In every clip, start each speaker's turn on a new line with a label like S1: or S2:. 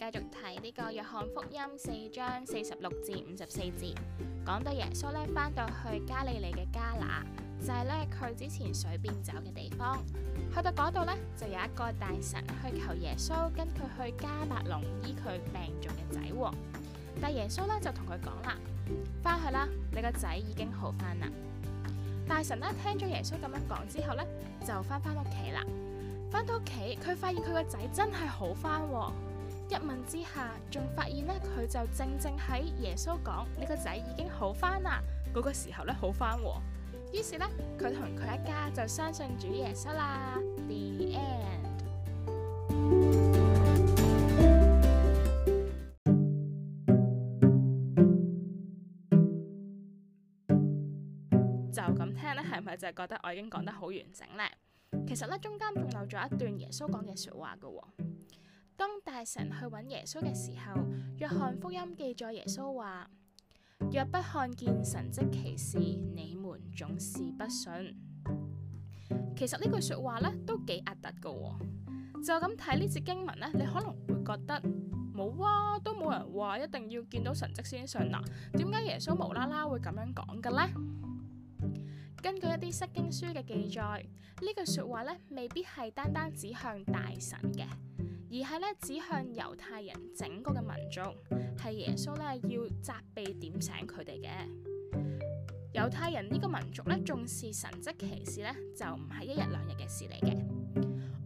S1: 繼續睇呢個約翰福音四章四十六至五十四節，講到耶穌咧，翻到去加利利嘅加拿，就係咧佢之前水變酒嘅地方。去到嗰度咧，就有一個大臣去求耶穌跟佢去迦百農醫佢病重嘅仔。但耶穌咧就同佢講啦：翻去啦，你個仔已經好翻啦。大臣咧聽咗耶穌咁樣講之後咧，就翻翻屋企啦。翻到屋企，佢發現佢個仔真係好翻。一問之下，仲發現咧佢就正正喺耶穌講：你個仔已經好翻啦！嗰、那個時候咧好翻、哦，於是咧佢同佢一家就相信主耶穌啦。The end。 就咁聽咧，係咪就係覺得我已經講得好完整咧？其實咧中間仲漏咗一段耶穌講嘅說話噶、哦。當大臣去揾耶穌嘅時候，約翰福音記載耶穌話：若不看見神蹟奇事，你們總是不信。」其實呢句說話咧都幾核突㗎喎。就咁睇呢節經文咧，你可能會覺得冇啊，都冇人話一定要見到神蹟先信嗱、啊。點解耶穌無啦啦會咁樣講嘅呢？根據一啲釋經書嘅記載，呢句說話咧未必係單單指向大臣嘅。而係咧，指向猶太人整個嘅民族係耶穌咧，要責備點醒佢哋嘅猶太人呢個民族咧，重視神跡奇事咧，就唔係一日兩日嘅事嚟嘅。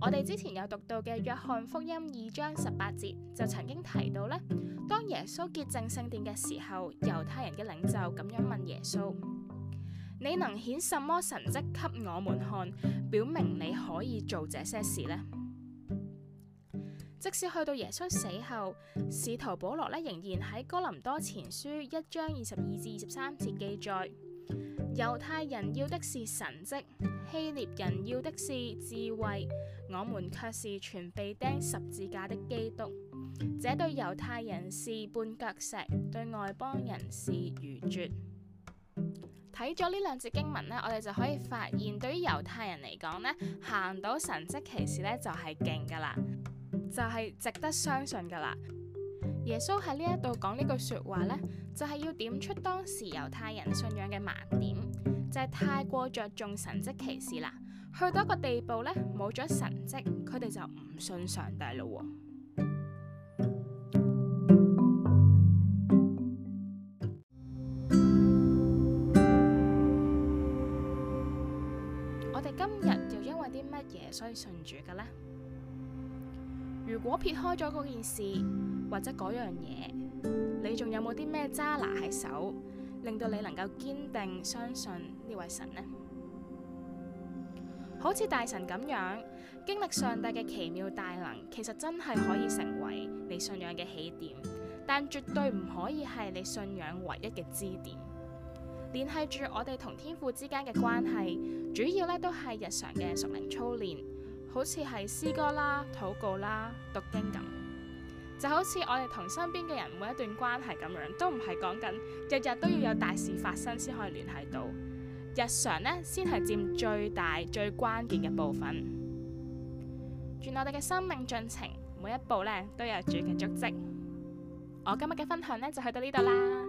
S1: 我哋之前有讀到嘅《約翰福音》二章十八節就曾經提到咧，當耶穌潔淨聖殿嘅時候，猶太人嘅領袖咁樣問耶穌：「你能顯什麼神跡給我們看，表明你可以做這些事呢？」即使去到耶穌死後，使徒保羅咧仍然喺哥林多前書一章二十二至二十三節記載：猶太人要的是神跡，希臘人要的是智慧，我們卻是全被釘十字架的基督。這對猶太人是絆腳石，對外邦人是愚拙。睇咗呢兩節經文咧，我哋就可以發現，對於猶太人嚟講咧，行到神跡奇事咧就係勁㗎喇。就係值得相信噶啦。耶穌喺呢一度講呢句說話呢，就係、是、要點出當時猶太人信仰嘅盲點，就係、是、太過着重神蹟奇事啦。去到一個地步呢，冇咗神蹟，佢哋就唔信上帝咯。我哋今日又因為啲乜嘢所以信住嘅咧？如果撇開咗嗰件事，或者嗰樣嘢，你仲有冇啲咩渣拿喺手，令到你能夠堅定相信呢位神呢？好似大神咁樣，經歷上帝嘅奇妙大能，其實真係可以成為你信仰嘅起點，但絕對唔可以係你信仰唯一嘅支點。聯繫住我哋同天父之間嘅關係，主要咧都係日常嘅屬靈操練。好似係詩歌啦、禱告啦、讀經咁，就好似我哋同身邊嘅人每一段關係咁樣，都唔係講緊日日都要有大事發生先可以聯繫到日常呢，先係佔最大最關鍵嘅部分。願我哋嘅生命進程每一步呢，都有主嘅足跡。我今日嘅分享呢，就去到呢度啦。